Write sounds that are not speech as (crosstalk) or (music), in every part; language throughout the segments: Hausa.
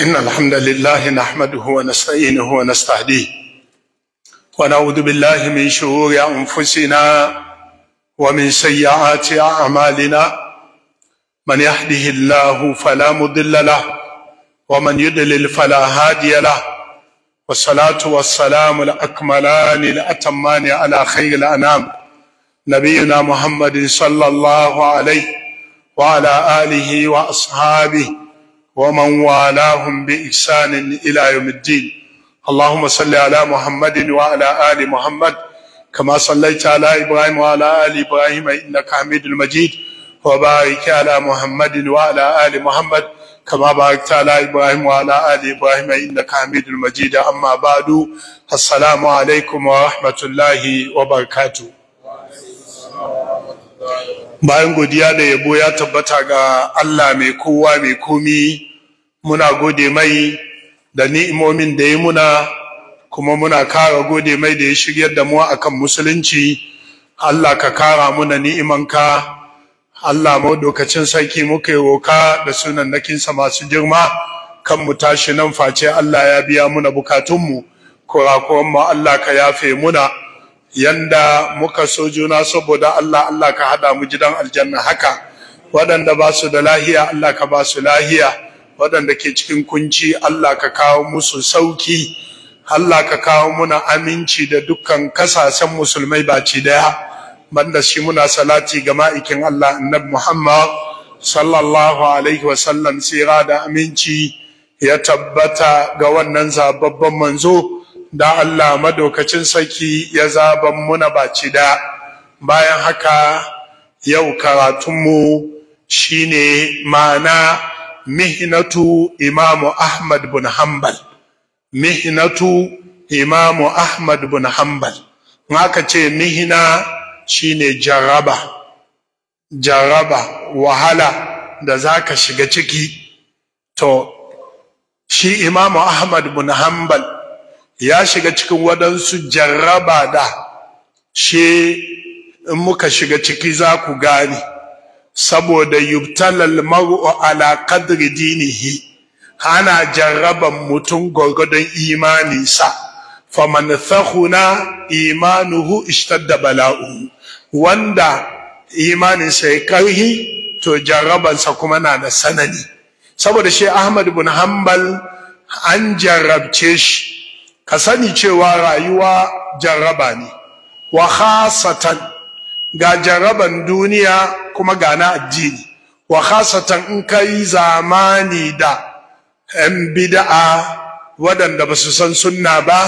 إن الحمد لله نحمده ونستعينه ونستهديه ونعوذ بالله من شرور أنفسنا ومن سيئات أعمالنا من يهده الله فلا مضل له ومن يضلل فلا هادي له والصلاة والسلام الأكملان الأتمان على خير الأنام نبينا محمد صلى الله عليه وعلى آله وأصحابه ومن والاهم بإحسان إلى يوم الدين اللهم صل على محمد وعلى آل محمد كما صليت على إبراهيم وعلى آل إبراهيم إنك حميد المجيد وبارك على محمد وعلى آل محمد كما باركت على إبراهيم وعلى آل إبراهيم إنك حميد المجيد أما بعد السلام عليكم ورحمة الله وبركاته bayan godiya da yabo ya tabbata ga Allah mai kowa mai komi muna gode mai da ni'imomin da ya muna kuma muna kara gode mai da ya shiryar da mu akan musulunci Allah ka kara muna ni'imanka Allah dokacin sarki muka yi roka da sunan sa masu girma kan mu tashi nan face Allah ya biya muna bukatunmu mu Allah ka yafe muna yanda muka so juna saboda Allah Allah ka hada mu gidan aljanna haka waɗanda ba su da lahiya Allah ka ba su lahiya waɗanda ke cikin kunci Allah ka kawo musu sauki Allah ka kawo muna aminci da dukkan kasashen musulmai baci daya banda shi muna salati ga ma'aikin Allah annabi Muhammad sallallahu alaihi wasallam sira da aminci ya tabbata ga wannan zababban manzo da Allah madaukacin saki ya zaban muna baci da bayan haka yau karatunmu shine ma'ana mihnatu Imam Ahmad bin Hanbal mihnatu imamu Ahmad bin Hanbal haka ce mihna shine jaraba jaraba wahala da zaka shiga ciki to shi imamu Ahmad bin Hanbal ya shiga cikin waɗansu jarraba da shi in muka shiga ciki za ku gane saboda yubtalal mar'u ala qadri dinihi ana jarraban mutum gwargwadon imaninsa faman thakhuna imanuhu ishtadda bala'u wanda imaninsa ya karhi to jarrabansa kuma na da sanani saboda shi Ahmad bin Hanbal an jarrabce shi ka sani cewa rayuwa jarraba ne wa khasatan ga jarraban duniya kuma ga na addini wa khasatan in kai zamani da yan bida'a, waɗanda ba su san sunna ba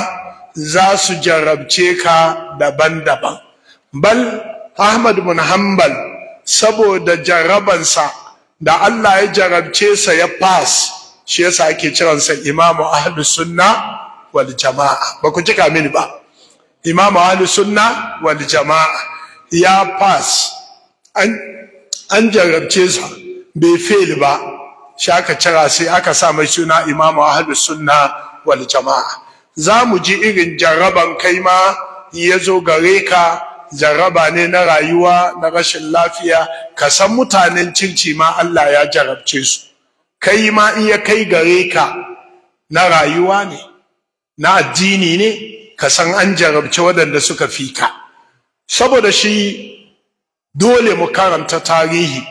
za su jarrabce ka daban-daban bal ahmad bin hanbal saboda jarrabansa da Allah ya jarabce sa ya fas shi yasa ake kiransa imamu ahlus sunna wal jama'a ba ku cika mini ba imam ahli sunna wal jama'a ya pass an an jarabce sa bai fail ba aka cira sai aka sa mai suna imam ahli sunna wal jama'a za mu ji irin jarraban kai ma ya zo gare ka jarraba ne na rayuwa na rashin lafiya ka san mutanen cinci ma Allah ya jarabce su kai ma iya kai gare ka na rayuwa ne na addini ne ka san an jarabci waɗanda suka fi ka saboda shi dole mu karanta tarihi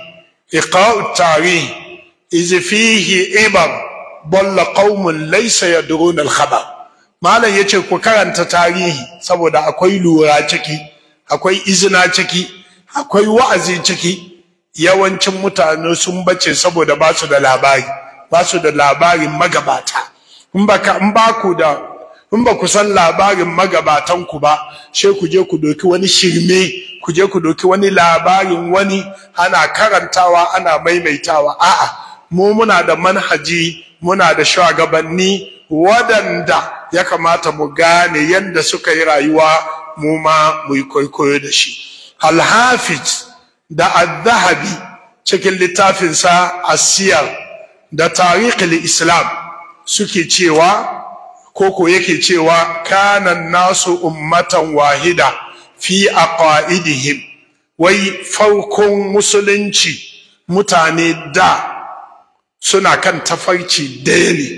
iqra'u tarihi iz fihi ibar dalla qaumun laysa yadrun al khabar malam yace ku karanta tarihi saboda akwai lura ciki akwai izina ciki akwai wa'azi ciki yawancin mutane sun bace saboda ba su da labari ba su da labarin magabata in ba ku da in ba ku san labarin magabatan ku ba sai ku je ku doki wani shirme ku je ku doki wani labarin wani ana karantawa ana maimaitawa a'a mu muna da manhaji muna da shugabanni wadanda ya kamata mu gane yadda suka yi rayuwa mu ma mu yi kwaikwayo da shi al da az-zahabi cikin littafinsa asiyar da tariqul islam suke cewa koko yake cewa kanan nasu ummatan wahida fi aqaidihim wai farkon musulunci mutane da suna kan tafarci daya ne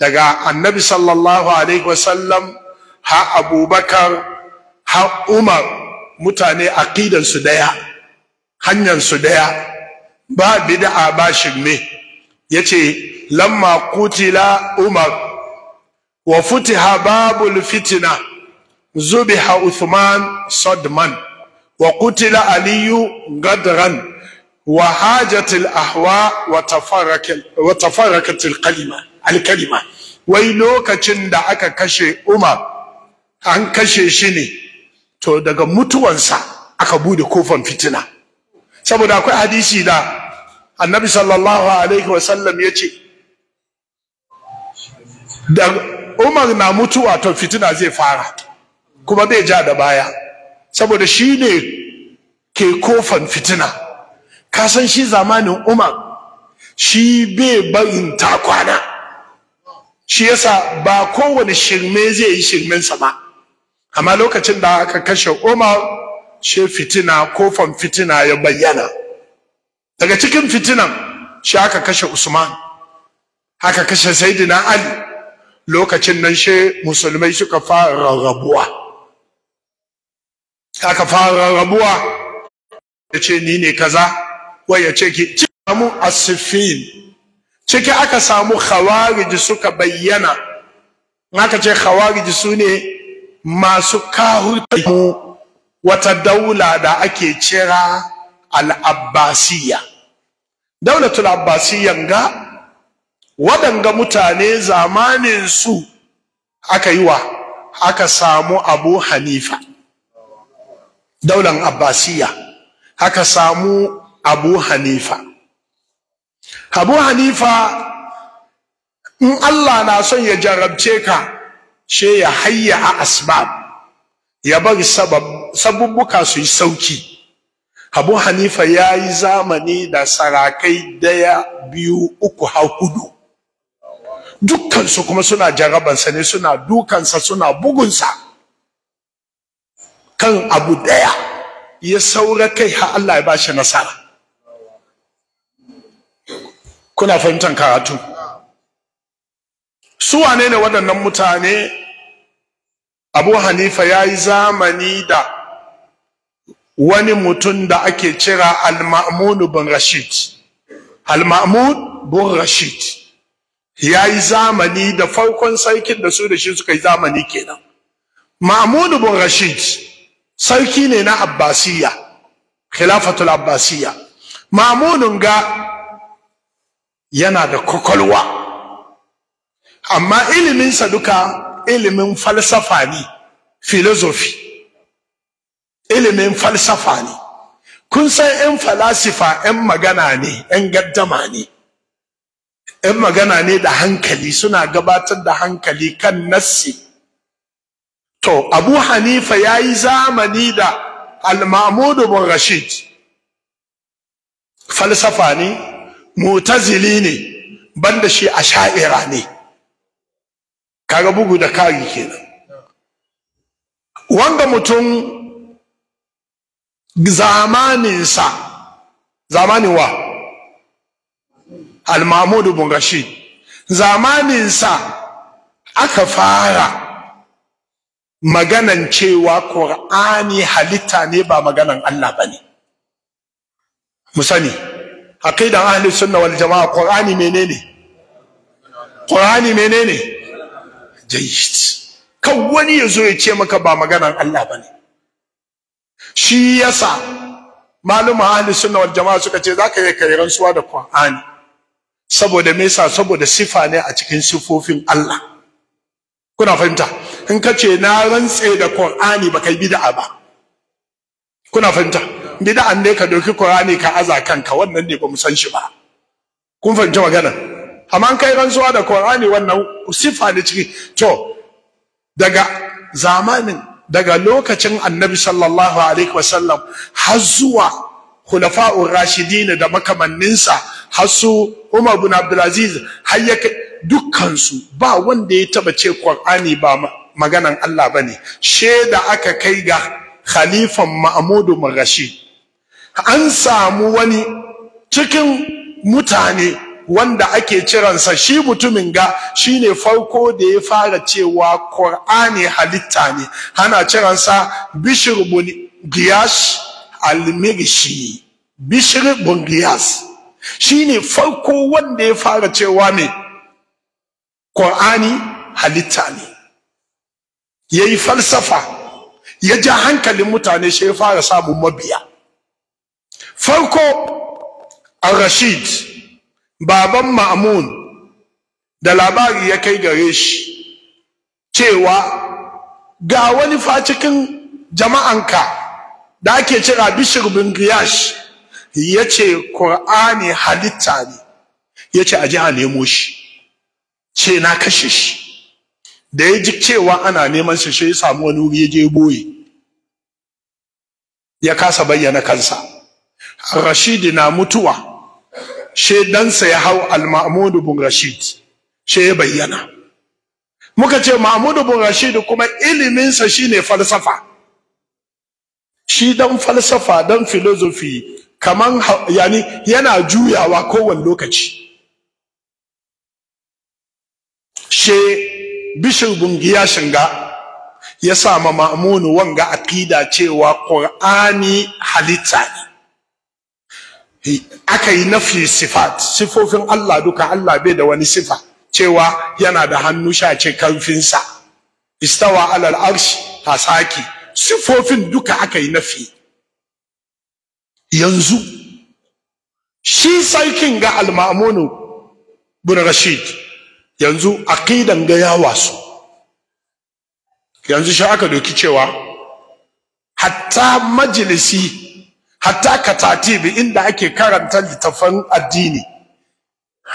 daga annabi sallallahu alaihi wasallam ha abubakar ha umar mutane aqidansu daya hanyar su daya ba bid'a ba shirme yace lamma kutila umar wa futiha babul fitina zubiha Uthman Sadman wa kutila Aliyu gadran wa hajatil ahwa wa alkalima wai lokacin da aka kashe Umar an kashe shi ne to daga mutuwansa aka bude kofan fitina saboda akwai hadisi da annabi sallallahu alaihi wasallam ya ce Umar na mutuwa to fitina zai fara kuma bai ja da baya saboda shi ne ke kofan fitina ka san shi zamanin Umar shi bai barin takwana shi yasa ba kowane shirme zai yi shirmensa ba amma lokacin da aka kashe Umar she fitina kofan fitina ya bayyana daga cikin fitinan shi aka kashe Usman Haka kashe Saidina Ali lokacin nan she musulmai suka fara rarrabuwa aka fara rarrabuwa ya ce ni ne kaza wai ya ce ki ci samu asifin ciki aka samu khawariji suka bayyana aka ce khawariji su ne masu kahurta wata daula da ake cira al-abbasiyya daulatul abbasiyyan ga waɗanga mutane zamanin su aka yi wa aka samu abu hanifa daular abbasiya aka samu abu hanifa abu hanifa in allah na son ya jarabce ka she ya hayya a asbab ya bar sabubbuka su yi sauki abu hanifa ya yi zamani da sarakai daya biyu uku ha hudu dukkansu kuma suna jarabansa ne suna dukansa suna bugunsa kan abu ɗaya ya saura kai har Allah ya ba shi nasara kuna fahimtar karatu su wane ne waɗannan mutane abu hanifa ya yi zamani da wani mutum da ake cira al-ma'mun bin rashid al-ma'mun bin rashid ya yi zamani da farkon sarkin da su da shi suka yi zamani kenan ma'amudu bin rashid sarki ne na abbasiya khilafatul abbasiya ma'amudun ga yana da kwakwalwa amma iliminsa duka ilimin falsafa ne philosophy ilimin falsafa ne kun san 'yan falasifa 'yan magana ne 'yan gaddama ne in magana ne da hankali suna gabatar da hankali kan nassi to abu hanifa ya yi zamani da al bin rashid falsafa ne mutazili ne banda shi a sha'ira ne kaga bugu da kari kenan wanga mutum zamaninsa zamanin wa al-mahmud ibn rashid zamaninsa aka fara maganan cewa qur'ani halitta ne ba maganan Allah ne mu sani aqidan ahli sunna wal jamaa qur'ani menene qur'ani menene jayyid kan wani zo ya ce maka ba maganan Allah bane shi yasa maluma ahli sunna wal jamaa suka ce zaka yi kai rantsuwa da qur'ani saboda me yasa saboda sifa ne a cikin sifofin Allah kuna fahimta in ka ce na rantse da Qur'ani ba kai bid'a ba kuna fahimta bid'an ne ka doki Qur'ani ka aza kanka wannan ne ba mu san shi ba kun fahimta magana amma an kai rantsuwa da Qur'ani wannan sifa ne ciki to daga zamanin daga lokacin Annabi sallallahu alaihi wasallam har zuwa khulafa'ur rashidin da makamanninsa har su Umar bin Abdulaziz har ya dukkansu ba wanda ya taba ce Qur'ani ba maganan Allah bane sheda aka kai ga khalifan Ma'mud Rashid an samu wani cikin mutane wanda ake ciransa shi mutumin ga shine farko da ya fara cewa Qur'ani halitta ne ana ciransa Bishr bin Giyash al-Mirshi Bishr bin Giyash Shi ne farko wanda ya fara cewa me Qur'ani halitta ne Ya yi falsafa ya ja hankalin mutane shi ya fara samun mabiya farko al-Rashid baban Ma'mun da labari ya kai gare shi cewa ga wani fa cikin jama'anka da ake cira Bishir bin giyashi yace qur'ani halitta ne yace ji a nemo shi ce na kashe shi da ya ji cewa ana neman shi shi ya samu wani wuri ya je boye ya kasa bayyana kansa rashidi na mutuwa she dansa ya hau al Mahmudu bin Rashid she ya bayyana muka ce Mahmudu bin Rashid kuma iliminsa shine falsafa shi dan falsafa don filozofi. kaman yani yana juyawa kowane lokaci she bishir bungiya shinga ya sa ma ma'amunu wanga aqida cewa qur'ani halitta ne aka yi nafi sifat sifofin Allah duka Allah bai da wani sifa cewa yana da hannu sha ce karfinsa istawa alal arshi tasaki sifofin duka aka yi nafi yanzu shi sarkin ga al bin rashid yanzu aqidan ga ya wasu yanzu shi aka doki cewa hatta majalisi hatta katatibi inda ake karanta littafan addini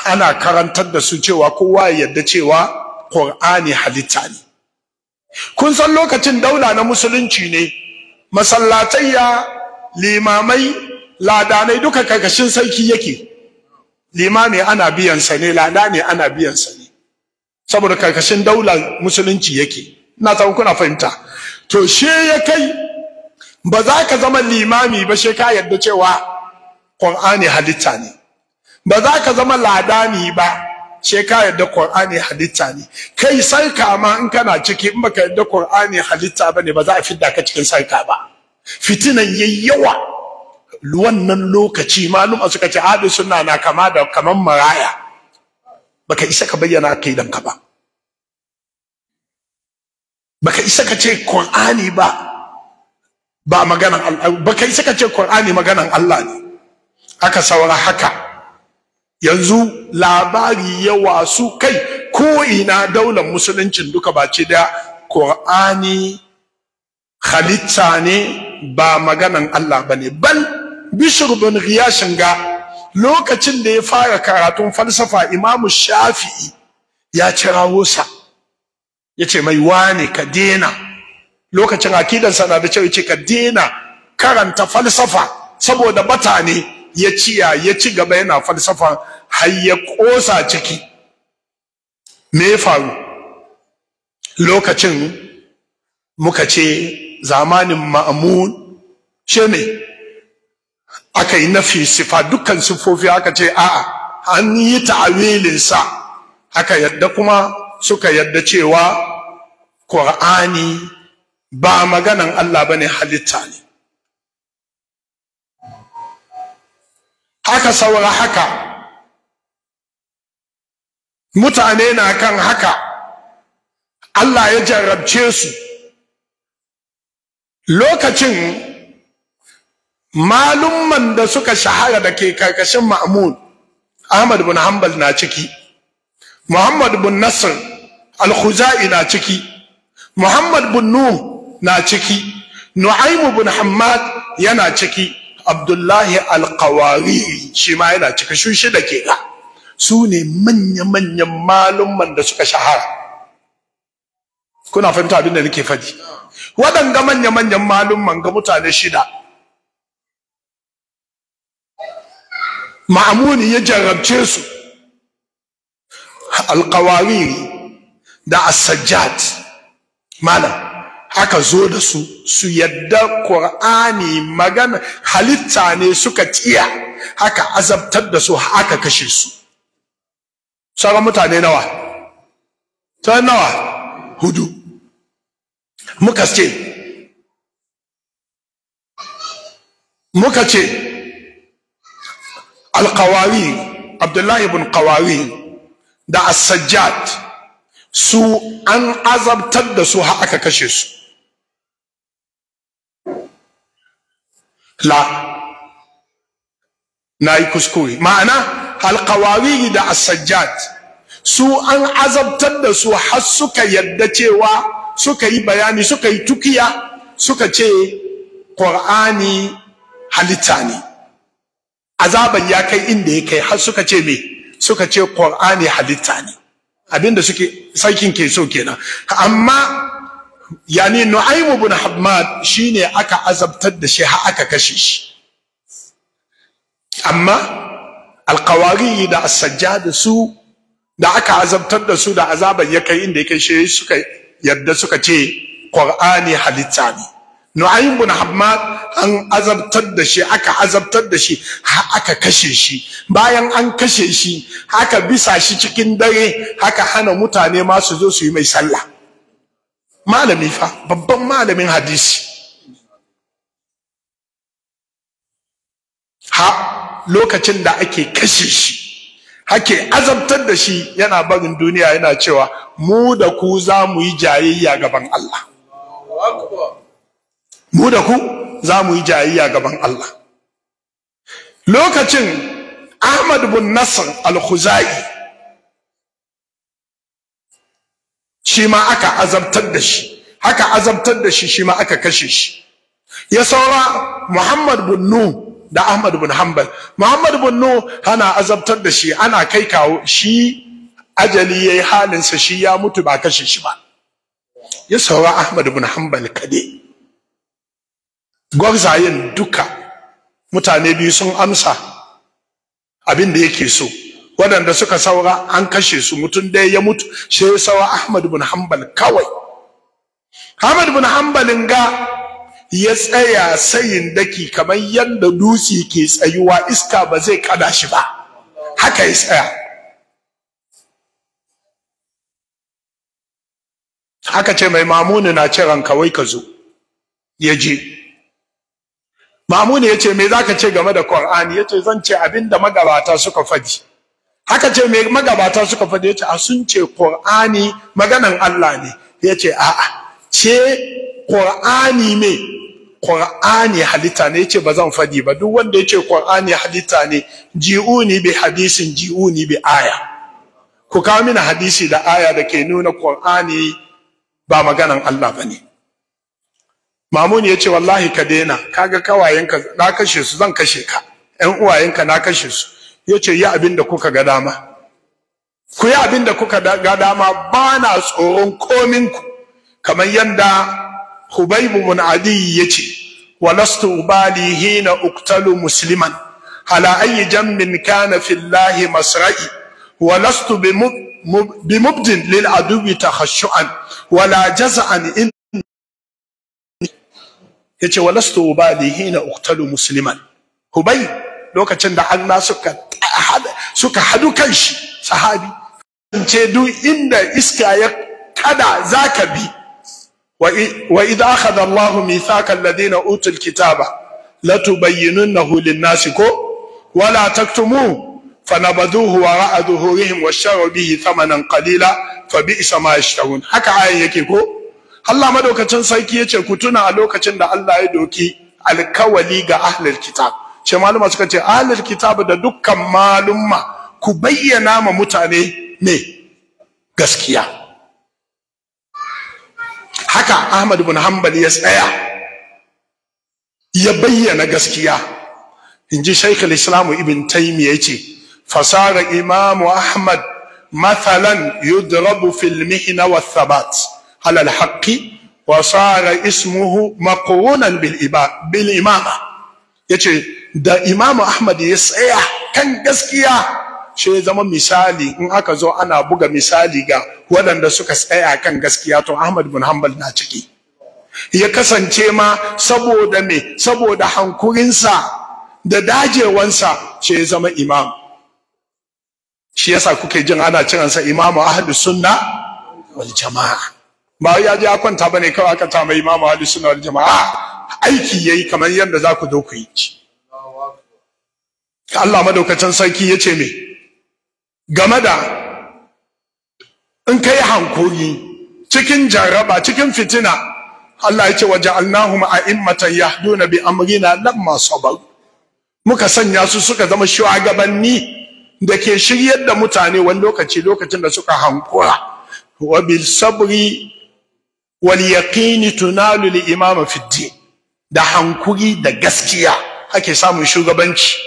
ana karantar da su cewa kowa ya yarda cewa Qur'ani halitta ne kun san lokacin daula na musulunci ne masallatayya limamai ladanai duka karkashin sarki yake limami ana biyan sa ne lada ana biyan sa ne saboda karkashin daular musulunci yake ina tsawon kuna fahimta to she ya kai ba za ka zama limami ba she ka yarda cewa qur'ani halitta ne ba za ka zama ladani ba she ka yarda qur'ani halitta ne kai sarka ma in kana ciki in baka yarda qur'ani halitta bane ba za a fidda ka cikin sarka ba fitinan yayi yawa wannan lokaci maluma suka ce ahli sunna na kama da kaman maraya baka isa ka bayyana ka ba baka isa ka ce qur'ani ba ba maganan Allah baka isa ka ce qur'ani maganan Allah ne aka saura haka yanzu labari yawa su kai ko ina daular musuluncin duka ba ce da qur'ani halitta ne ba maganan Allah bane bal bishr bin riyashin ga lokacin da ya fara karatun falsafa imamu shafi'i ya cirawo sa ya ce mai wane ka dena lokacin akidansa na da cewa ce ka dena karanta falsafa saboda bata ne ya ciya ya ci gaba yana falsafa har ya kosa ciki me ya faru lokacin muka ce zamanin ma'amun ce me aka yi nafi sifa dukkan siffofi aka ce a'a an yi ta'awilinsa aka yadda kuma suka yadda cewa ƙur'ani ba maganan Allah bane halitta ne haka saura haka mutane na kan haka Allah ya jarrabce su lokacin malumman da suka shahara da ke karkashin ma'amun ahmad bin hanbal na ciki muhammad bin nasir al-khuzai na ciki muhammad bin nuh na ciki nu'aimu bin hammad yana ciki abdullahi al-qawariri shi ma yana ciki shi da ke ga su ne manya-manyan malumman da suka shahara kuna fahimta abin da nake faɗi waɗanga manya-manyan malumman ga mutane shida ma'amuni ya jarabce su alkawariri da asajjat malam aka zo da su su yadda ƙur'ani magana halitta ne suka tiya haka azabtar da su haka kashe su sauran mutane nawa ta nawa hudu muka ce muka ce alkawawi abdullahi ibn kawawi da asajjad su an azabtar da su har aka kashe su la na yi kuskure ma'ana alkawawi da asajjad su an azabtar da su har suka yadda cewa suka yi bayani suka yi tukiya suka ce ƙur'ani halitta ne azaban ya kai inda ya kai har suka ce me suka ce ƙur'ani halitta ne abinda suke sarkin ke so kenan amma yani nu'aymu bin hamad shine aka azabtar da shi har aka kashe shi amma alkawari da asajja da su da aka azabtar da su da azaban ya kai inda ya kai shi suka yadda suka ce Qur'ani halitta ne Nu'aym bin Hammad an azabtar da shi aka azabtar da shi aka kashe shi bayan an kashe shi aka bisa shi cikin dare haka hana mutane ma su zo su yi mai sallah malami fa babban malamin hadisi ha lokacin da ake kashe shi hake azabtar da shi yana barin duniya yana cewa mu da ku za mu yi jayayya gaban Allah mu da ku za mu yi jayayya gaban Allah lokacin Ahmad bin Nasr al-Khuzai shi ma aka azabtar da shi haka azabtar da shi shi ma aka kashe shi ya saura Muhammad bin Nuh da Ahmad bin Hanbal Muhammad bin Nu ana azabtar da shi ana kai kawo shi ajali yayi halin sa shi ya mutu ba kashe shi ba ya saura Ahmad bin Hanbal kade gwarzayen duka mutane biyu sun amsa abin da yake so waɗanda suka saura an kashe su mutum ɗaya ya mutu sai ya saura Ahmad bin Hanbal kawai Ahmad bin Hanbalin ga ya tsaya sayin daki kamar yadda dutse ke tsayuwa iska ba zai kada shi ba haka ya tsaya haka ce mai mamuni na ciran kawai ka zo ya je mamuni ya ce me za ka ce game da ƙwar'ani ya ce zan ce abin da magabata suka faɗi haka ce mai magabata suka faɗi ya ce a ah, sun ce ƙwar'ani maganan Allah ne ya ce a'a ce ƙwar'ani me Qur'ani halitta ne yace ba zan fadi ba duk wanda yace Qur'ani halitta ne ji'uni bi hadisin ji'uni bi aya ku kawo mini hadisi da aya da ke nuna Qur'ani ba maganan Allah bane Mamun yace wallahi ka daina kaga kawayenka na kashe su zan kashe ka ƴan uwayenka na kashe su yace yi abin da kuka ga dama ku yi abin da kuka ga dama ba na tsoron kominku kamar yanda. Hubayb ibn Adi yace walastu ubali hina uqtalu musliman ala ayyi jammin kana fillahi masra'i walastu bimubdin lil aduwi takhashu'an wala jaz'an in yace walastu ubali hina uqtalu musliman Hubayb lokacin da Allah suka suka hadu kanshi sahabi ce duk inda iska ya kada zaka bi wa idh akhadha Allahu mithaqa alladhina utul kitaba latubayyinunnahu lin-nasi ko wala taktumu fanabadhuhu wara'a dhuhurihim washaru bihi thamanan qalila fabi'sa ma yashtarun haka ayan yake ko Allah madaukacin sarki yace ku tuna a lokacin da Allah ya doki alkawali ga ahlul kitab ce maluma suka ce ahlul kitab da dukkan malumma ku bayyana ma mutane ne gaskiya haka Ahmad ibn Hanbal ya tsaya ya bayyana gaskiya inji Sheikh al-Islam Ibn Taymiyyah yace fasara Imam Ahmad mathalan yudrabu fil mihna wa thabat ala al-haqqi wa sara ismuhu maqrunan bil bil imama yace da Imam Ahmad ya tsaya kan gaskiya she zama misali in aka zo ana buga misali ga waɗanda suka tsaya kan gaskiya to Ahmad bin Hanbal na ciki ya kasance ma saboda me saboda hankurinsa da dajewansa shi zama imam shi yasa kuke jin ana ciransa imamu ahlus sunna wal jamaa ba ya je ya kwanta bane kawai aka ta mai imamu ahlus sunna wal jamaa aiki yayi kamar yadda za ku zo ku yi Allah madaukacin sarki ya ce me game da in ka yi hankuri cikin jaraba cikin fitina Allah ya ce wa ja'alnahum a'immatan yahduna bi amrina lamma sabaru muka sanya su suka zama shugabanni da ke shiryar da mutane wani lokaci lokacin da suka hankura wa bil sabri wal yaqini tunalu imama fi din da hankuri da gaskiya ake samun shugabanci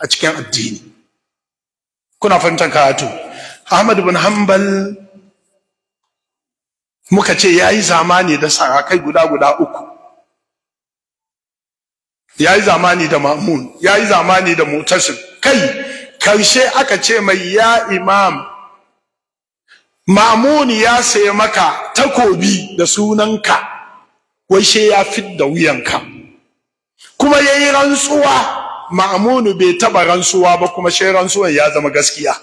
a cikin addini kuna fahimtar karatu Ahmad bin Hanbal muka ce yayi zamani da sarakai guda guda uku yayi zamani da Ma'mun yayi zamani da Mu'tasim kai karshe aka ce mai ya imam Ma'mun ya sayi maka takobi da sunanka wai she ya da wuyanka kuma yayi rantsuwa ma'amunu bai taba rantsuwa ba kuma shi rantsuwan ya zama gaskiya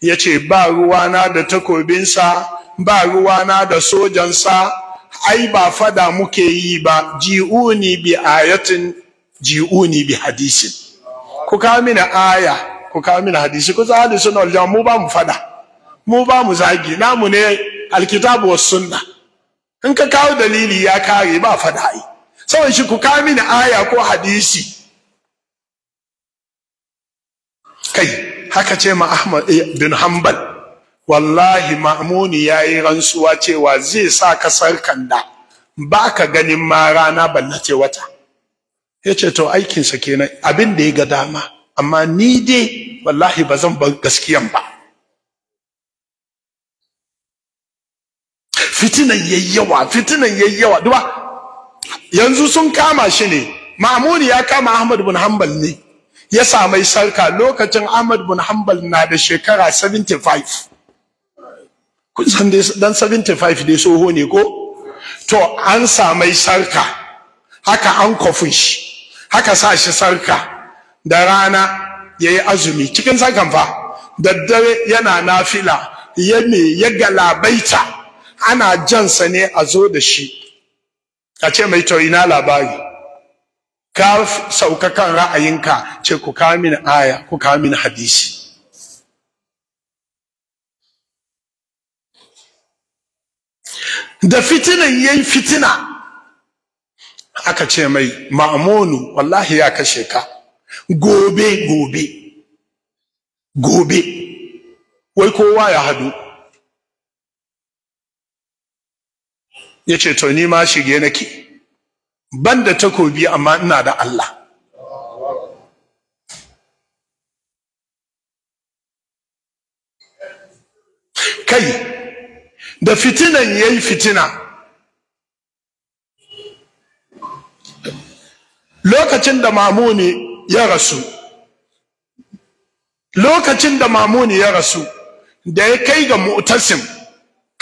yace ba ruwana da takobinsa ba ruwana da sojansa ai ba fada muke yi ba ji'uni bi ayatin ji'uni bi hadisin ku kawo mini aya ku kawo mini hadisi ku za hadisi na aljama mu ba mu fada mu ba mu zagi namu ne alkitabu was sunna in ka kawo dalili ya kare ba fada ai saboda shi ku kawo mini aya ko hadisi kai haka ce ma Ahmad eh, bin Hanbal wallahi ma'muni yi rantsuwa cewa zai sa ka sarkanda ba ka ganin ma rana ce wata yace to aikinsa kenan abin da ya ga dama amma ni dai wallahi ba zan bar gaskiyan ba fitinan yayyawa fitinan yayyawa duba yanzu sun kama shi ne ma'muni ya kama Ahmad bin Hanbal ne ya samai sarka lokacin Ahmad bin Hanbal na da shekara 75 kun san dan 75 dai soho ne ko to an samai sarka haka an kofin shi haka sa shi sarka da rana yayi azumi cikin sarkan fa daddare yana nafila ya ya galabaita ana jansa ne a zo da shi a ce mai to ina labari ka sauka kan ra'ayinka ce ku kawo mini aya ku kawo mini hadisi da fitinan yayi fitina aka ce mai ma'amunu wallahi ya kashe ka gobe gobe gobe wai kowa ya hadu ya ce to ni ma shige nake ban da takobi amma ina da Allah kai da fitinan yi fitina lokacin da mamuni ya rasu lokacin da mamuni ya rasu da ya kai ga mu'tasim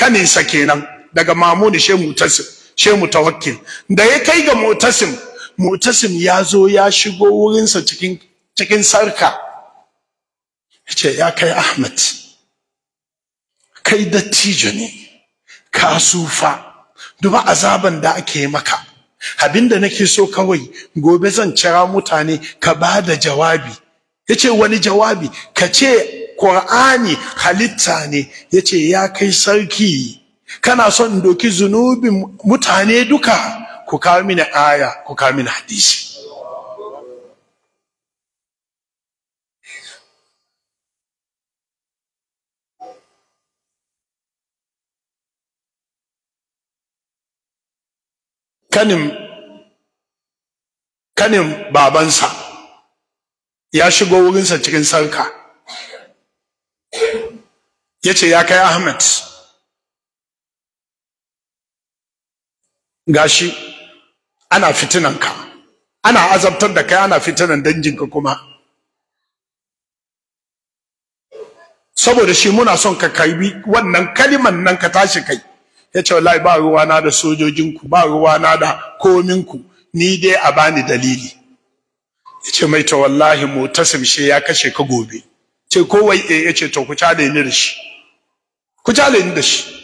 kaninsa kenan daga mamuni shi mu'tasim Ce mu tawakkil. da ya kai ga mutasim mutasim ya zo ya shigo wurinsa cikin cikin sarka ce ya kai ahmad kai dattijo ne ka sufa duba azaban da ake maka abinda nake so kawai gobe zan cira mutane ka ba da jawabi Ya ce wani jawabi ka ce ƙur'ani halitta ne Ya ce ya kai sarki kana son in doki zunubin mutane duka ku kawo mini aya ku kawo mini hadisi kanin kanin babansa ya shigo wurinsa cikin sarka ya ce ya kai ahmed gashi ana fitinanka ana azabtar da kai ana fitinan danjinka kuma saboda shi muna son ka karbi wannan kaliman nan ka tashi kai ya ce wallahi ba ruwana da sojojinku ba ruwa na da kominku ni dai a bani dalili ya ce mai ta wallahi mutasim shi ya kashe ka gobe ce kowai eh ya ce to ku da ni da shi ku da ni da shi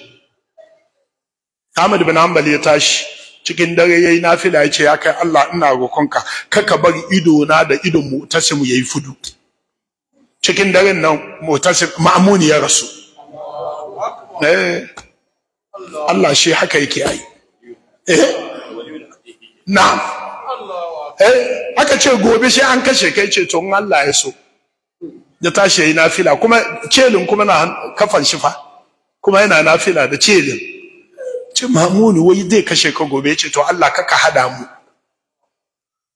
Ahmad bin Hanbal ya tashi cikin dare yayi nafila yace ya kai Allah ina rokonka kaka bar ido na da idon Mu'tasim yayi fudu cikin daren nan Mu'tasim Ma'mun ya rasu eh Allah shi haka yake ai eh na'am eh aka ce gobe shi an kashe kai ce to Allah ya so ya tashi yayi nafila kuma celin kuma na kafan shifa kuma yana nafila da celin ce mamuni wai zai kashe ka gobe ce to Allah ka ka hada mu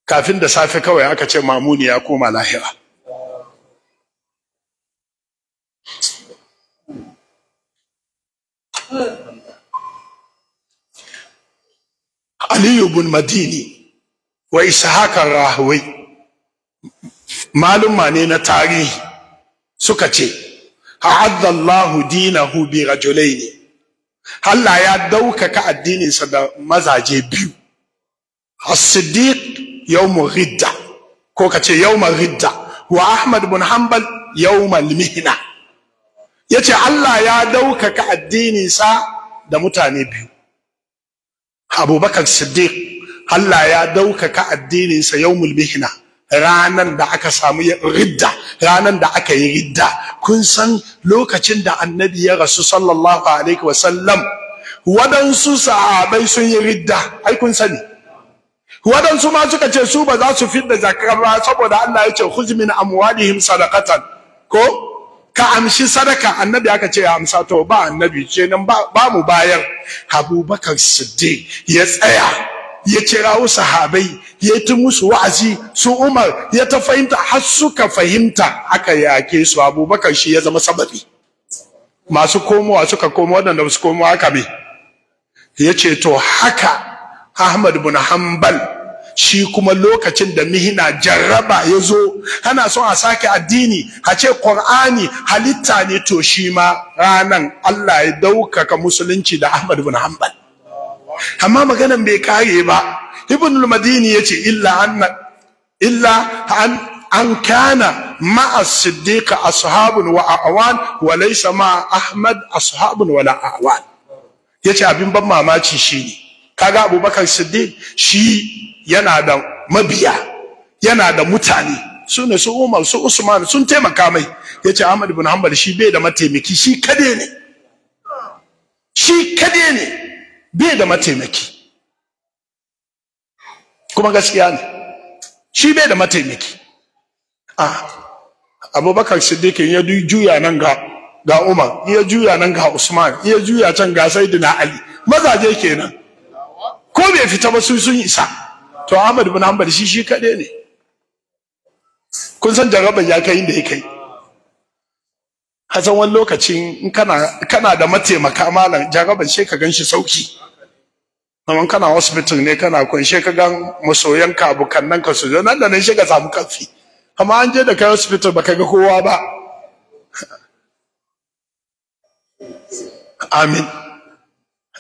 kafin da safe kawai aka ce mamuni ya koma lahira Aliyu bin Madini wa Ishaqar Rahawi malumma ne na tarihi suka ce a'adda Allahu dinahu bi rajulaini Allah ya daukaka addininsa da mazaje biyu as-siddiq yawmu ridda ko kace yawma ridda wa ahmad bin hanbal yawmal mihna yace Allah ya daukaka addininsa da mutane biyu abubakar siddiq Allah ya daukaka addininsa yawmul mihna ranan da aka samu ridda ranan da aka yi ridda kun san lokacin da annabi ya rasu sallallahu alaihi sallam wadansu sahabai sun yi ridda ai kun sani wadansu ma suka ce su ba za su fidda zakar ba saboda Allah ya ce khudh min amwalihim sadaqatan ko ka amshi sadaka annabi aka ce ya amsa to ba annabi ce nan ba mu bayar Abubakar Siddiq ya tsaya ya kirawo sahabai ya yi musu wa'azi su Umar ya ta fahimta har suka fahimta aka yake su Abubakar shi ya zama sababi masu komowa suka komo waɗanda su komo aka bi ya ce to haka Ahmad bin Hanbal shi kuma lokacin da mihina jarraba ya zo ana son a sake addini a ce Qur'ani halitta ne to shi ma ranan Allah ya ɗaukaka musulunci da Ahmad bin Hanbal amma maganan bai kare ba ibn al-madini yace illa anna illa an an kana ma'a siddiq ashabun wa awan wa laysa ma ahmad ashabun la awan yace abin ban mamaci shine kaga abubakar siddiq shi yana da mabiya yana da mutane su ne su Umar su Usman sun taimaka mai yace Ahmad ibn Hanbal shi bai da mataimaki shi kade ne shi kade ne bai da mataimaki kuma gaskiya ne shi bai da mataimaki a abubakar siddiqin ya juya nan ga ga umar ya juya nan ga usman ya juya can ga saidina ali mazaje kenan ko bai fita ba su sun isa to ahmad bin hanbal shi shi kaɗai ne kun san jarabar ya kai inda ya kai hasan wani lokacin kana da mataimaka malam jarabar sai ka ganshi sauki amma kana hospital ne kana kunshe ka gan masoyanka abukan nan ka su zo nan da nan sai ka samu kafi amma an je da kai hospital baka ga kowa ba amin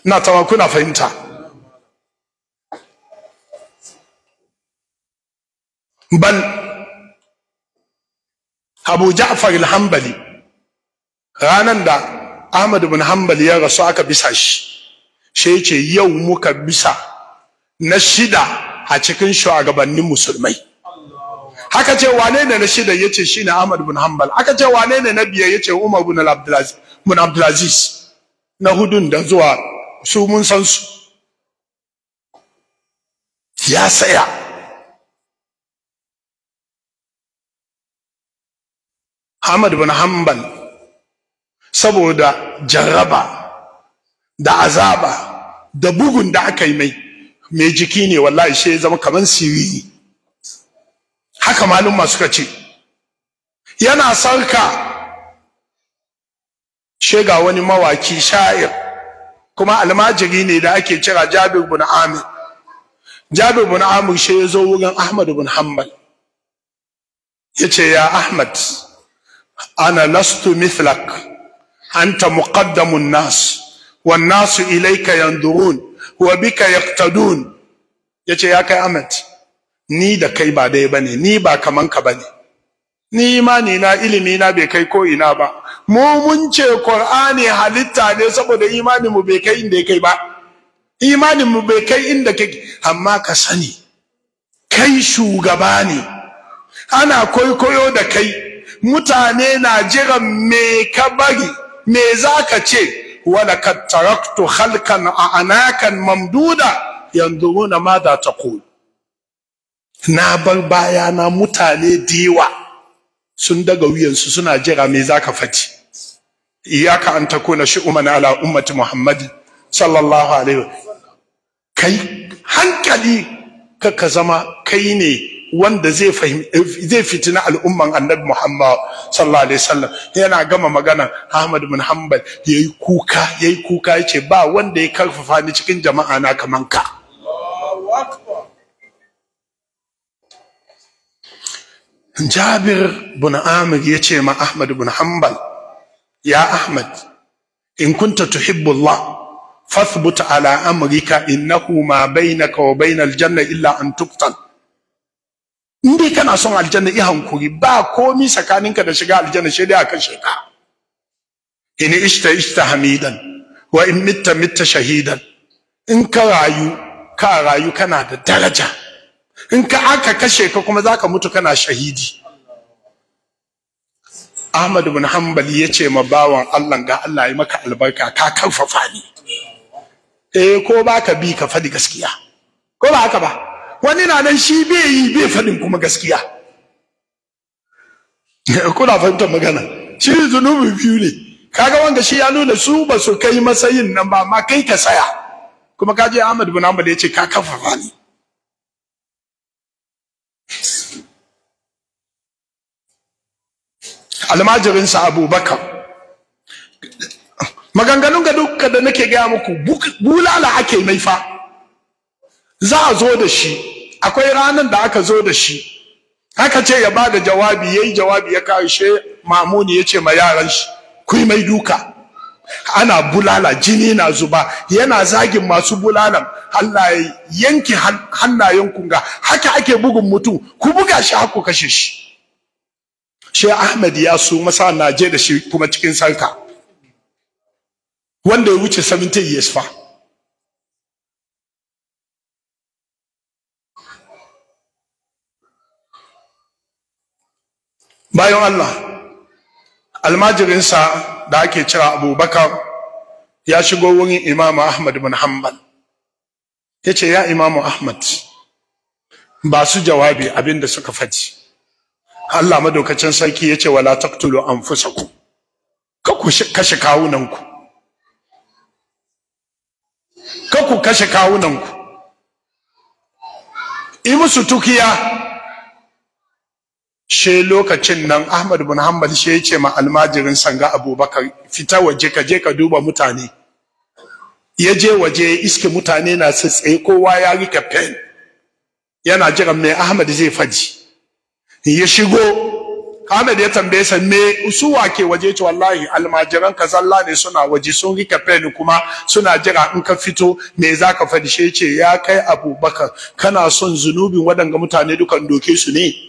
na tawa kuna fahimta bal abu ja'far al-hanbali ranan da Ahmad bin Hanbal ya rasu aka bisa shi sai yace yau muka bisa na shida a cikin shugabannin musulmai haka ce wane ne na shida yace shine Ahmad bin Hanbal haka ce wane ne na biya yace Umar bin Abdulaziz bin Abdulaziz na hudun da zuwa su mun san su ya saya Ahmad bin Hanbal saboda jaraba, da azaba da bugun da aka yi mai mai jiki ne wallahi shi ya zama kamar siriri haka malumma suka ce yana sarka shega wani mawaki sha'ir kuma almajiri ne da ake cira jabir bin amir jabir bin amir shi ya zo wurin ahmad bin hanbal ya ce ya ahmad ana lastu mithlak أنت مقدم الناس والناس إليك ينظرون وبك يقتدون yace ya kai Ahmed ni da kai ba dai bane ni ba kaman ka bane ni imani na ilimi na bai kai ko ina ba mu mun ce Qur'ani halitta ne saboda imani mu bai kai inda kai ba imanin mu bai kai inda kake amma ka sani kai shugaba ne ana kwaikwayo da kai mutane na jiran me ka bari me zaka ce wala kad taraktu khalqan anakan mamduda yanzuruna madha taqul na bar baya na mutane diwa sun daga wuyansu suna jira me zaka faci iyaka an takuna shi'uman ala ummati muhammadi sallallahu alaihi kai hankali ka ka zama kai ne wanda zai eh, zai fitina al'umman annabi Muhammad sallallahu alaihi wasallam yana gama magana Ahmad bin Hanbal yayi kuka yayi kuka yace ba wanda ya karfafa ni cikin jama'a na kaman ka Jabir bin Amir ce ma Ahmad bin Hanbal ya Ahmad in kunta tuhibbullah فاثبت على امرك انه ما بينك bainal janna illa an تقتل in kana son aljanna i hankuri ba komi tsakaninka da shiga aljanna shi dai akan sheka in ishta ishta hamidan wa in mitta mitta shahidan in ka rayu ka rayu kana da daraja in ka aka kashe ka kuma zaka mutu kana shahidi Ahmad bin Hanbal ya ce ma bawan Allah ga Allah ya maka albarka ka karfafa ni eh ko baka bi ka faɗi gaskiya ko ba haka ba wani na nan shi bai yi bai faɗin kuma gaskiya (laughs) kuna fahimtar magana shi zunubi biyu ne kaga wanda shi ya nuna su ba su kai masayin nan ba ma kai ka saya kuma kaje Ahmad bin Ahmad ya ce ka kafafa ni almajirinsa abubakar maganganun ga dukkan da nake gaya muku bulala ake mai fa za a zo da shi akwai ranan da aka zo da shi haka ce ya bada jawabi yayi jawabi ya kashe she mamuni yace ma yaran shi ku mai duka ana bulala jini na zuba yana zagin masu bulalan Allah ya yanki hannayen kunga haka ake bugun mutum ku buga shi haku kashe shi she Ahmad ya so masa naje da shi kuma cikin sanka wanda ya wuce 70 years fa bayan Allah almajirinsa da ake cira abubakar ya shigo wurin imamu ahmad bin hanbal ya ce ya imamu ahmad ba su jawabi abin da suka faci Allah madaukacin sarki ya ce wa taqtulu anfusakum ka ku kashe kawunanku ka ku kashe kawunanku yi musu tukiya she lokacin nan Ahmad bin Hanbal she yace ma almajirin sanga Abubakar fita waje ka je ka duba mutane ya je waje iske mutane na tsaye kowa ya rike pen yana jiran me Ahmad zai faji ya shigo Ahmad ya tambaye sa me su wake waje ce wallahi almajiran ka zalla ne suna waje sun rike pen kuma suna jira in ka fito me zaka faɗi she ce ya kai Abubakar kana son zunubin waɗanga mutane dukan doke su ne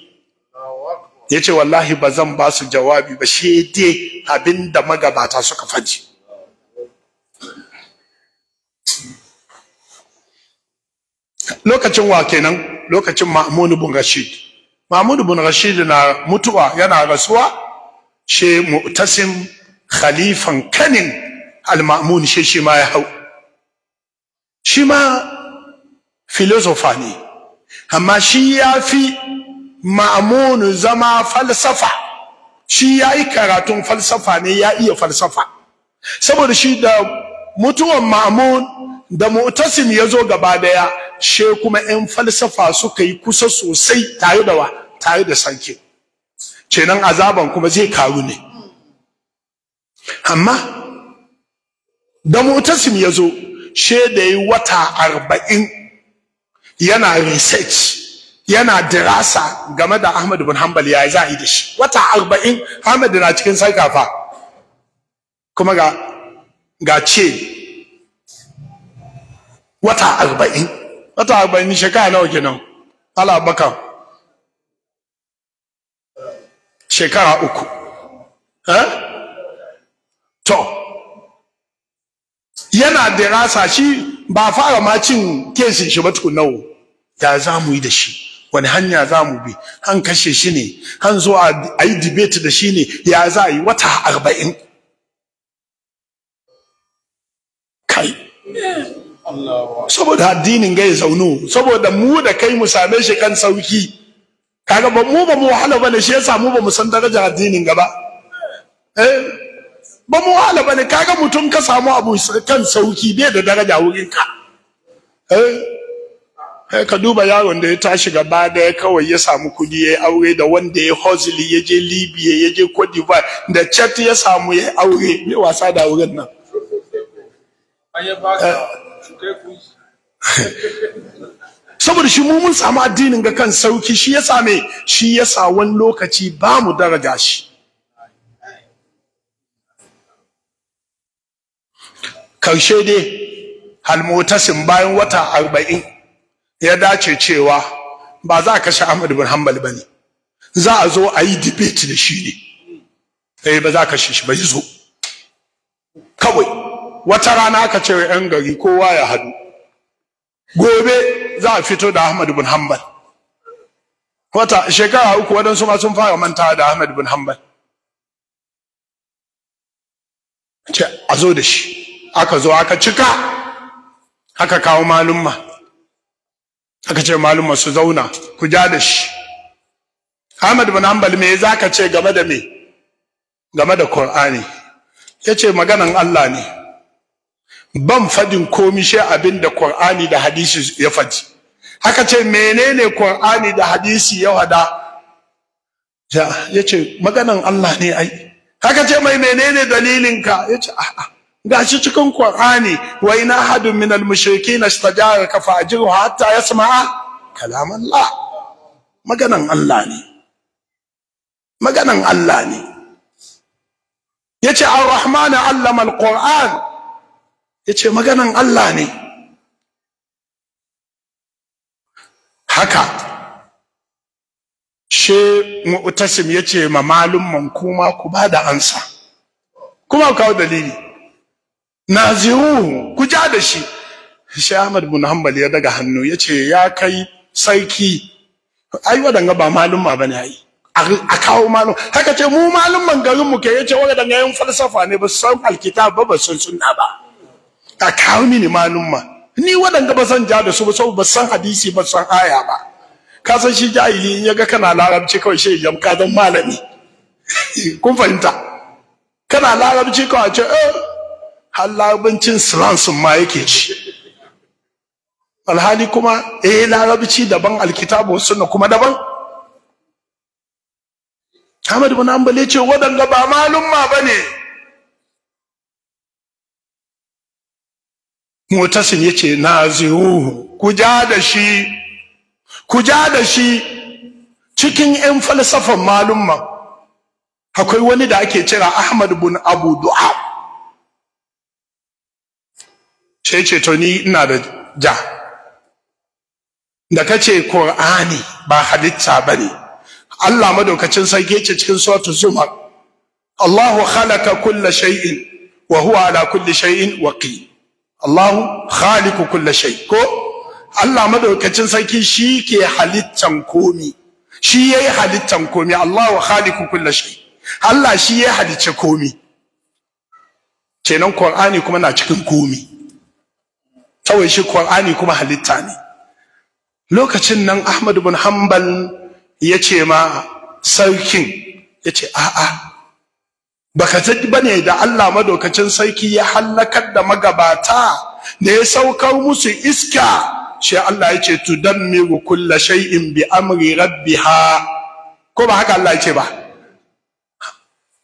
ya ce wallahi ba zan ba su jawabi ba shi dai abinda magabata suka faji lokacin wa kenan lokacin ma'amun bin rashid ma'amun bin rashid na mutuwa yana rasuwa shi mu'tasim khalifan kanin al-ma'mun shi shi ma ya hau shi ma filosofa ne amma shi ya fi ma'amun zama falsafa shi ya yi karatun falsafa ne ya iya falsafa saboda shi da mutuwan ma'amun da mu'tasim zo gaba daya she kuma yan falsafa suka yi kusa sosai tare da wa tare da sanke kenan azaban kuma zai karu ne amma da mu'tasim zo, she da yi wata arba'in yana research yana dirasa game da Ahmad bin Hanbal yayi zahi da shi wata 40 Ahmad na cikin sarkafa kuma ga ga ce wata 40 wata 40 shekara nawa kenan Allah baka shekara uku eh to yana dirasa shi ba fara ma cin kesin shi ba tukunawo Ya za mu yi da shi wani hanya za mu bi an kashe shi ne an zo a yi debate da shi ne ya za a yi wata arba'in kai saboda addinin gai zaunu saboda mu da kai mu same shi kan sauki kaga ba mu ba mu wahala bane shi yasa mu ba mu san daraja addinin gaba eh ba mu wahala bane kaga mutum ka samu abu kan sauki bai da daraja wurin ka eh Eh, ka duba yaron da ya tashi gaba daya kawai ya samu kudi ya aure da wanda ya hozili ya je libya ya je cote d'ivoire da chat ya samu ya aure mai wasa da auren nan eh. (laughs) saboda shi mu mun samu addinin ga kan sauki shi ya same shi ya sa wani lokaci ba mu daraja shi karshe dai halmotasin bayan wata arba'in ya dace cewa ba za a kashe Ahmad bin Hanbal ba za a zo a yi debate da shi ne eh ba za a kashe shi ba zo kawai wata rana aka ce wa 'yan gari kowa ya hadu gobe za a fito da Ahmad bin Hanbal wata shekara uku wadansu ma sun fara manta da Ahmad bin Hanbal ce a zo da shi aka zo aka cika aka kawo malumma aka ce malumma su zauna ku ja da shi Ahmad bin Hanbal me zaka ce game da me game da Qur'ani yace maganan Allah ne ban fadin komi shi abin da Qur'ani da hadisi ya faɗi aka ce menene Qur'ani da hadisi ya wada yace maganan Allah ne ai aka ce mai menene dalilinka yace a'a gashi cikin qur'ani wa ina hadun min al-mushrikeena istajara ka fa'jiru hatta yasma'a kalam Allah maganan Allah ne maganan Allah ne yace ar rahman allama al-qur'an yace maganan Allah ne haka she mu'tasim yace ma malum man kuma ku bada ansa kuma kawo dalili naziruhu ku ja da shi shi Ahmad bin Hanbal ya daga hannu ya ce ya kai sarki ai waɗanga ba malumma bane ai a kawo malum haka ce mu malumman garin mu ke yace ga yin falsafa ne ba san alkitab ba ba san sunna ba a kawo mini malumma ni waɗanga ba san ja da su ba saboda ba san hadisi ba san aya ba ka san shi jahili in yaga kana larabci kawai shi ya ka dan malami (laughs) kun fahimta kana larabci kawai ce eh har larabincin siransun ma yake ci alhali kuma eh larabci daban alkitabu sunna kuma daban Ahmad ibn Hanbal ce wadanga ba malumma bane Mutasin yace nazihu ku ja da shi ku ja da shi cikin yan falsafan malumma akwai wani da ake cira Ahmad bin Abu Du'ab sai ce to ni ina da ja da ka ce qur'ani ba halitta ba ne. Allah madaukacin sarki ce cikin suratul zumar Allahu khalaqa kulla shay'in wa huwa ala kulli shay'in waqi Allahu khaliqu kulla shay ko Allah madaukacin sarki shi ke halittan komi shi yayi halittan komi Allahu khaliqu kulla shay Allah shi ya halicce komi kenan Qur'ani kuma na cikin komi kawai shi Qur'ani kuma halitta ne lokacin nan Ahmad bin Hanbal ya ce ma sarkin ya ce a'a baka ba bane da Allah madaukacin sarki ya hallakar da magabata da ya saukar musu iska shi Allah ya ce tudammiru kulla shay'in bi amri rabbiha ko ba haka Allah ya ce ba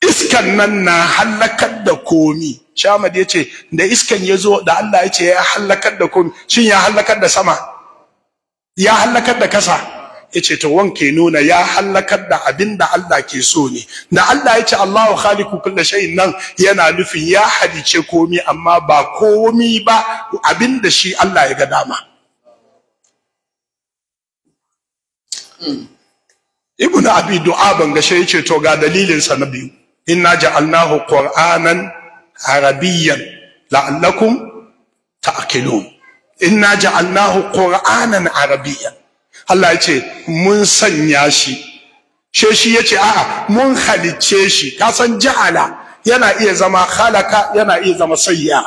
iskan nan na halakar da komi shamad ya ce da iskan ya da Allah ya ce ya halakar da komi shin ya halakar da sama ya halakar da kasa ya ce to wanke nuna ya halakar da abin da Allah ke so ne da Allah ya ce Allahu khaliqu kulli shay'in nan yana nufin ya halice komi amma ba komi ba abin da shi Allah ya ga dama hmm. ibnu abi du'a ban ga ya ce to ga dalilin sa na biyu inna ja'alnahu qur'anan arabiyyan la'allakum ta'qilun inna ja'alnahu qur'anan arabiyyan Allah ce mun sanya shi she shi yace a'a mun halicce shi ka san ja'ala yana iya zama halaka yana iya zama sayya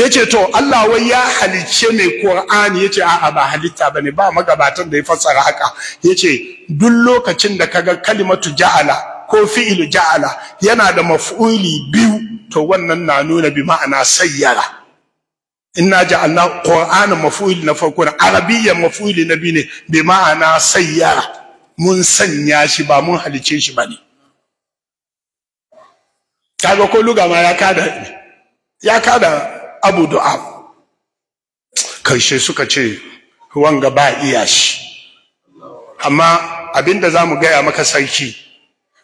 yace to Allah wai ya halicce mai Qur'ani yace a'a ba halitta bane ba magabatan da ya fassara haka yace duk lokacin da kaga kalimatu ja'ala ko fi'il ja'ala yana da maf'uli biyu to wannan na nuna bi ma'ana sayyara inna ja'alna qur'ana maf'ul na farko na arabiyya maf'ul na biyu ne bi ma'ana sayyara mun sanya shi ba mun halice shi bane kaga ko luga ma ya kada ya kada abu du'a karshe suka ce wanga ba iya shi amma abinda zamu gaya maka sarki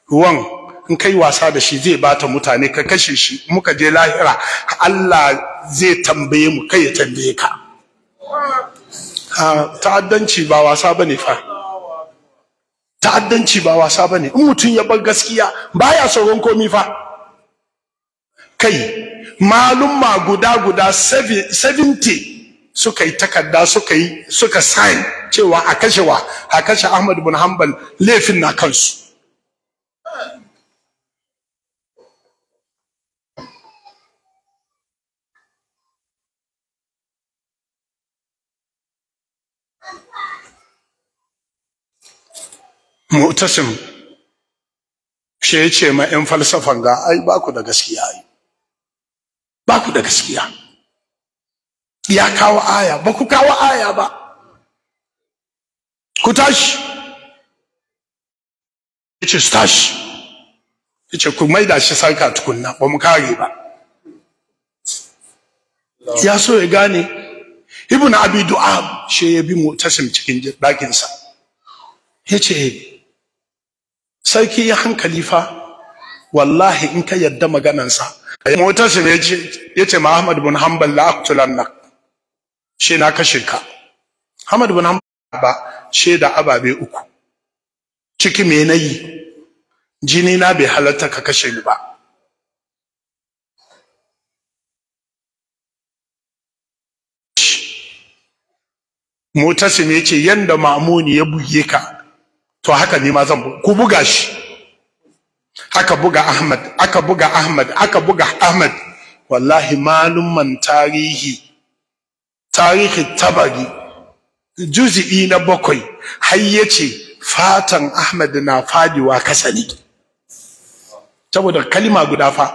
ruwan in kai wasa da shi zai bata mutane ka kashe shi muka je lahira Allah zai tambaye mu kai ya tambaye ka ah, ta'addanci ba wasa bane fa ta'addanci ba wasa bane in mutum ya bar gaskiya baya sauran komi fa kai malumma guda guda 70 suka yi takarda suka yi suka sign cewa a kashewa a kashe Ahmad bin Hanbal laifin na kansu mutasim shi ya ce ma 'yan falsafan ga ai ba ku da gaskiya ai ba ku da gaskiya ya kawo aya ba ku kawo aya ba ku tashi ya ce su tashi ya ce ku maida shi sarka tukunna ba mu kare ba ya so ya gane ibn abi du'ab shi ya bi mutasim cikin dakinsa ya ce sarki ya hankali fa wallahi in ka yadda maganansa motar shi ne ya ce ma Ahmad bin Hanbal la aqtulannak shi na kashe ka Ahmad bin Hanbal ba shi da ababe uku ciki me nayi jini na bai halatta ka kashe ni ba motar shi ne ce yanda mamuni ya buge ka to haka ne ma zan ku buga shi haka buga Ahmad aka buga Ahmad aka buga Ahmad wallahi man tarihi tarihi tabari juzi'i na bakwai har yace fatan Ahmad na fadiwa kasani saboda kalima guda fa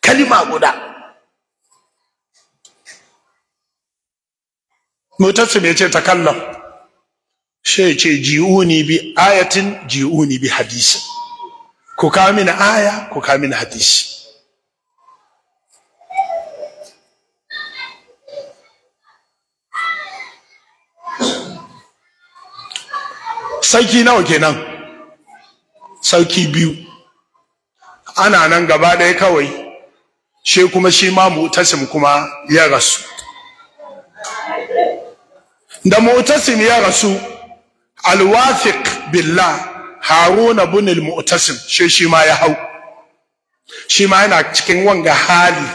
kalima guda ce ta kallon. shi ce ji'uni bi ayatin ji'uni bi hadisin ku kawo mini aya ku kawo mini hadisi sauki nawa kenan sauki biyu ana nan gaba ɗaya kawai shi kuma shi ma mutasim kuma ya rasu da mutasim ya rasu alwafiq billah haruna bin al-mu'tasim she shi ma ya hau shi yana cikin wanga hali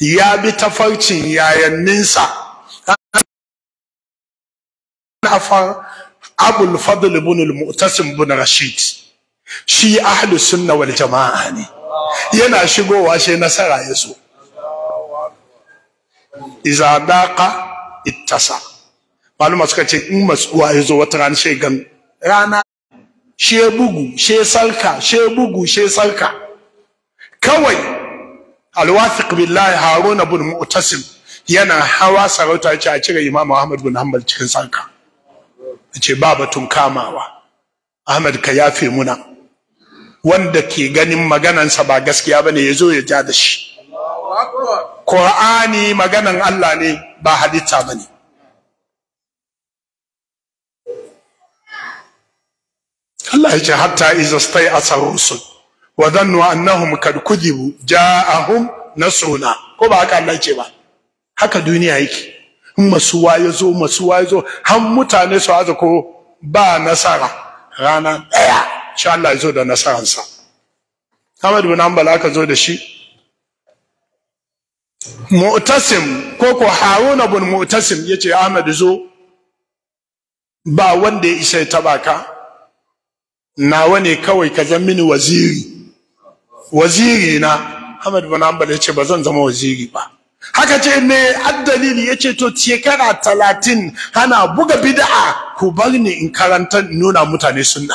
ya bi tafarcin yayanninsa afar abul fadl bin al-mu'tasim bin rashid shi ahlu sunna wal jama'a ne yana shigowa shi nasara yaso? so iza daqa ittasa maluma suka ce in matsuwa ya zo wata rana sai gan rana she bugu she salka she bugu she salka kawai alwathiq billahi haruna bin mu'tasim yana hawa sarauta ce a cire imam ahmad bin hanbal cikin salka ce ba batun kamawa ahmad ka yafe muna wanda ke ganin maganansa ba gaskiya bane yazo ya ja da shi Qur'ani maganan Allah ne ba halitta bane Allah ya ce hatta iza stai asar rusul wa dhannu annahum kad kudibu ja'ahum nasruna ko ba haka Allah ce ba haka duniya yake in masuwa ya zo masuwa ya zo har mutane su haza ko ba nasara rana daya insha Allah ya zo da nasaransa Ahmad bin Hanbal aka zo da shi Mu'tasim ko ko Haruna bin Mu'tasim yace Ahmad zo ba wanda ya isa ya taba ka nawa ne kawai ka zan mini waziri waziri na Ahmad bin Hanbal ce ba zan zama waziri ba haka ce me addalili ce to shekara talatin hana buga bidaa ku bar ni in karanta nuna mutane sunna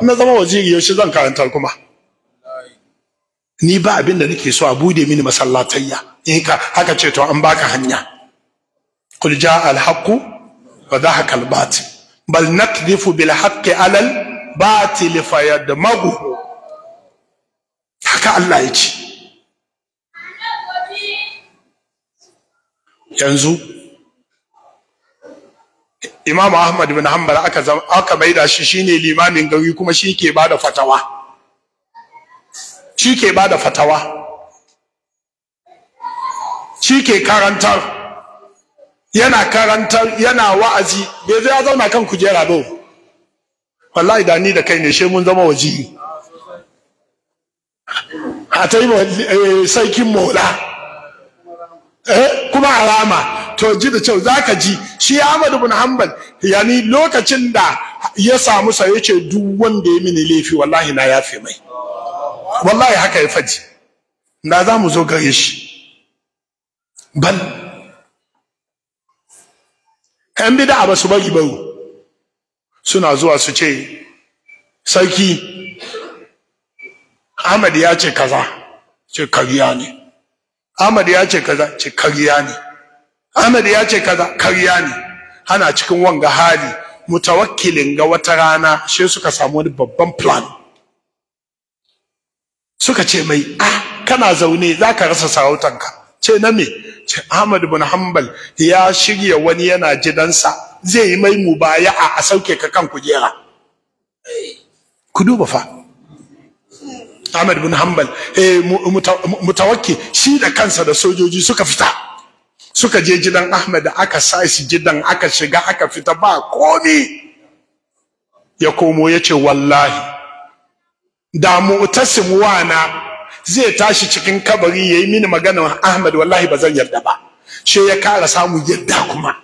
na zama waziri yaushe zan karantar kuma ni ba abinda da nake so a bude mini masallatayya in eh ka haka ce to an baka hanya kulja jaa al haqq wa dhahaka al bal nakdifu bil haqqi alal batil fayadmaghu haka Allah ya ce yanzu Imam Ahmad bin Hanbal aka aka maida shi shine limamin gari kuma shi fatawa shi ke bada fatawa shi ke karantar yana karantar yana wa'azi bai zai ya zauna kan kujera ba wallahi da ni da kai ne she mun zama waji a ta yi eh, sarkin mola eh, kuma alama to ji da kyau za ka ji shi ahmad bin hanbal yani lokacin da ya samu sa ce duk wanda ya mini laifi wallahi na yafe mai wallahi haka ya faji na za mu zo gare shi bal yan bid'a ba su bari bari suna zuwa su ce sarki Ahmad ya ce kaza ce kariya ne Ahmad ya ce kaza ce kariya ne Ahmad ya ce kaza kariya ne ana cikin wanga hali mutawakilin ga wata rana shi suka samu wani babban plan suka ce mai a ah, kana zaune za ka rasa sarautanka ce na me ce Ahmad bin Hanbal ya shirya wani yana jidansa zai yi mai mubaya'a a sauke ka kan kujera ku duba fa Ahmad bin Hanbal eh mutawakki shi da kansa da sojoji suka fita suka je gidan Ahmad aka sa shi gidan aka shiga aka fita ba komi ya komo yace wallahi da mu'tasim na zai tashi cikin kabari ya yi mini magana Ahmad wallahi ba zan yarda ba she ya kara samu yarda kuma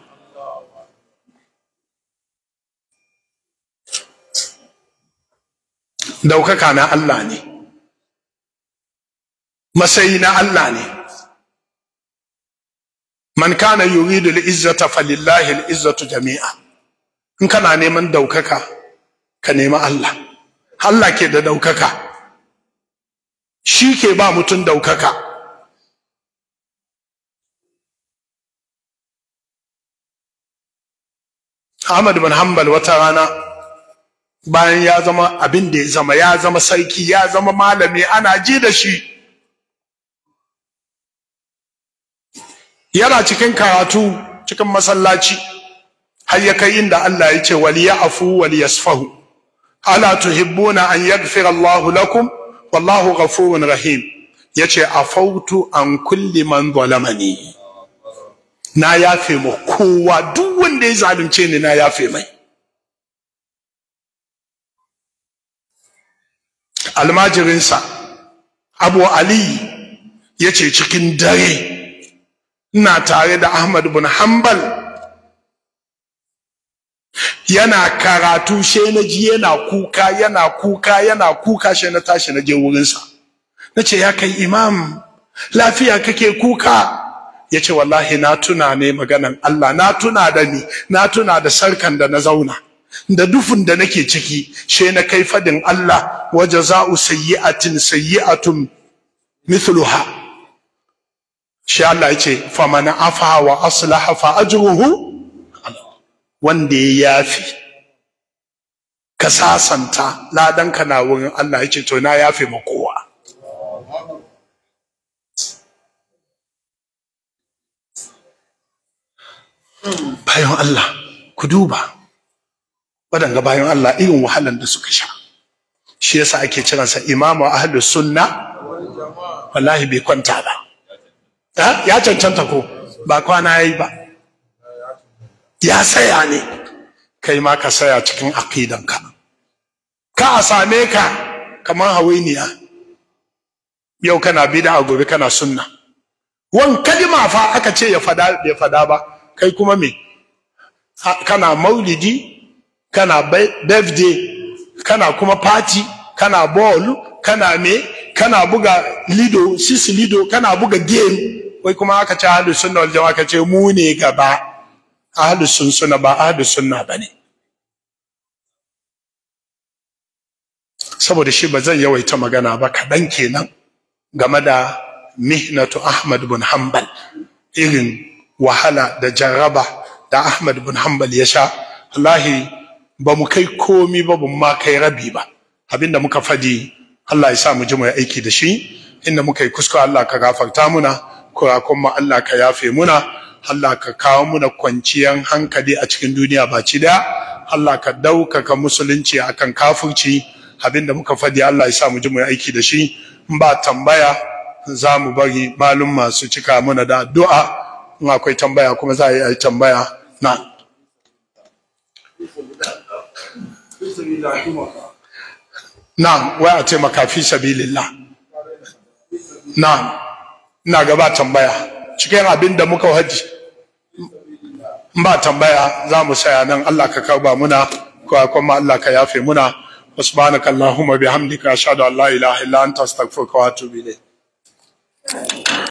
daukaka na Allah ne masayi na Allah ne man kana yuridu al falillahi al jami'a in kana neman daukaka ka nemi Allah Allah ke da daukaka shi ke ba mutum daukaka Ahmad bin Hanbal wata rana bayan ya zama abin da ya zama ya zama sarki ya zama malami ana ji da shi yana cikin karatu cikin masallaci har ya kai inda Allah ya ce wal ya'fu wal yasfahu ala tuhibbuna an yaghfira allahu lakum wallahu ghafurun rahim yace afautu an kulli man zalamani na yafe mu kowa duk wanda ya zalunce ni na yafe mai almajirinsa abu ali yace cikin dare ina tare da ahmad bin hanbal yana karatu sai na ji yana kuka yana kuka yana kuka she na tashi na je wurinsa na ce ya kai imam lafiya kake kuka ya ce wallahi na tuna ne maganan Allah na tuna da ni na tuna da sarkan da na zauna da dufin da nake ciki sai na kai fadin Allah wa jaza'u sayyi'atin sayyi'atun mithluha shi Allah ya ce faman afa wa aslaha fa ajruhu wanda ya yafi ka sasanta ladanka na wurin Allah yake to na yafe ma kowa bayan Allah ku duba waɗanga bayan Allah irin wahalan da suka sha shi yasa ake kiransa imamu ahlus sunna wallahi bai kwanta ba ya cancanta ko ba kwana yayi ba ya saya ne kai ma ka saya cikin aqidanka ka a same ka kamar hawainiya yau kana bid'a gobe kana sunna wan kalima fa aka ce ya fada bai fada ba kai kuma me kana maulidi kana birthday kana kuma party kana ball kana me kana buga lido sis lido kana buga game wai kuma aka ce ahlus sunna wal jamaa ka ce mu ne gaba ahlus sunna ba ahlus sunna bane saboda shi ba zan yawaita magana ba kaɗan kenan game da mihnatu Ahmad bin Hanbal irin wahala da jaraba da Ahmad bin Hanbal ya sha wallahi ba mu kai komi ba ban ma kai rabi ba abinda muka fadi Allah ya sa mu ji mu aiki da shi inda muka yi kuskure Allah ka gafarta muna kurakun Allah ka yafe muna Allah ka kawo muna kwanciyar hankali a cikin duniya baci da Allah ka ɗaukaka musulunci akan kafirci abinda muka faɗi Allah ya sa mu ji mu aiki da shi in ba tambaya za mu bari malum masu cika muna da addu'a in akwai tambaya kuma za a yi tambaya na na wai a taimaka fi sabilillah na ina gaba tambaya cikin abin da muka haji ba tambaya za mu saya nan Allah ka karba muna kuma Allah ka yafe muna subhanaka bi Hamdika ashhadu an la ilaha illa anta astaghfiruka wa atubu ilayk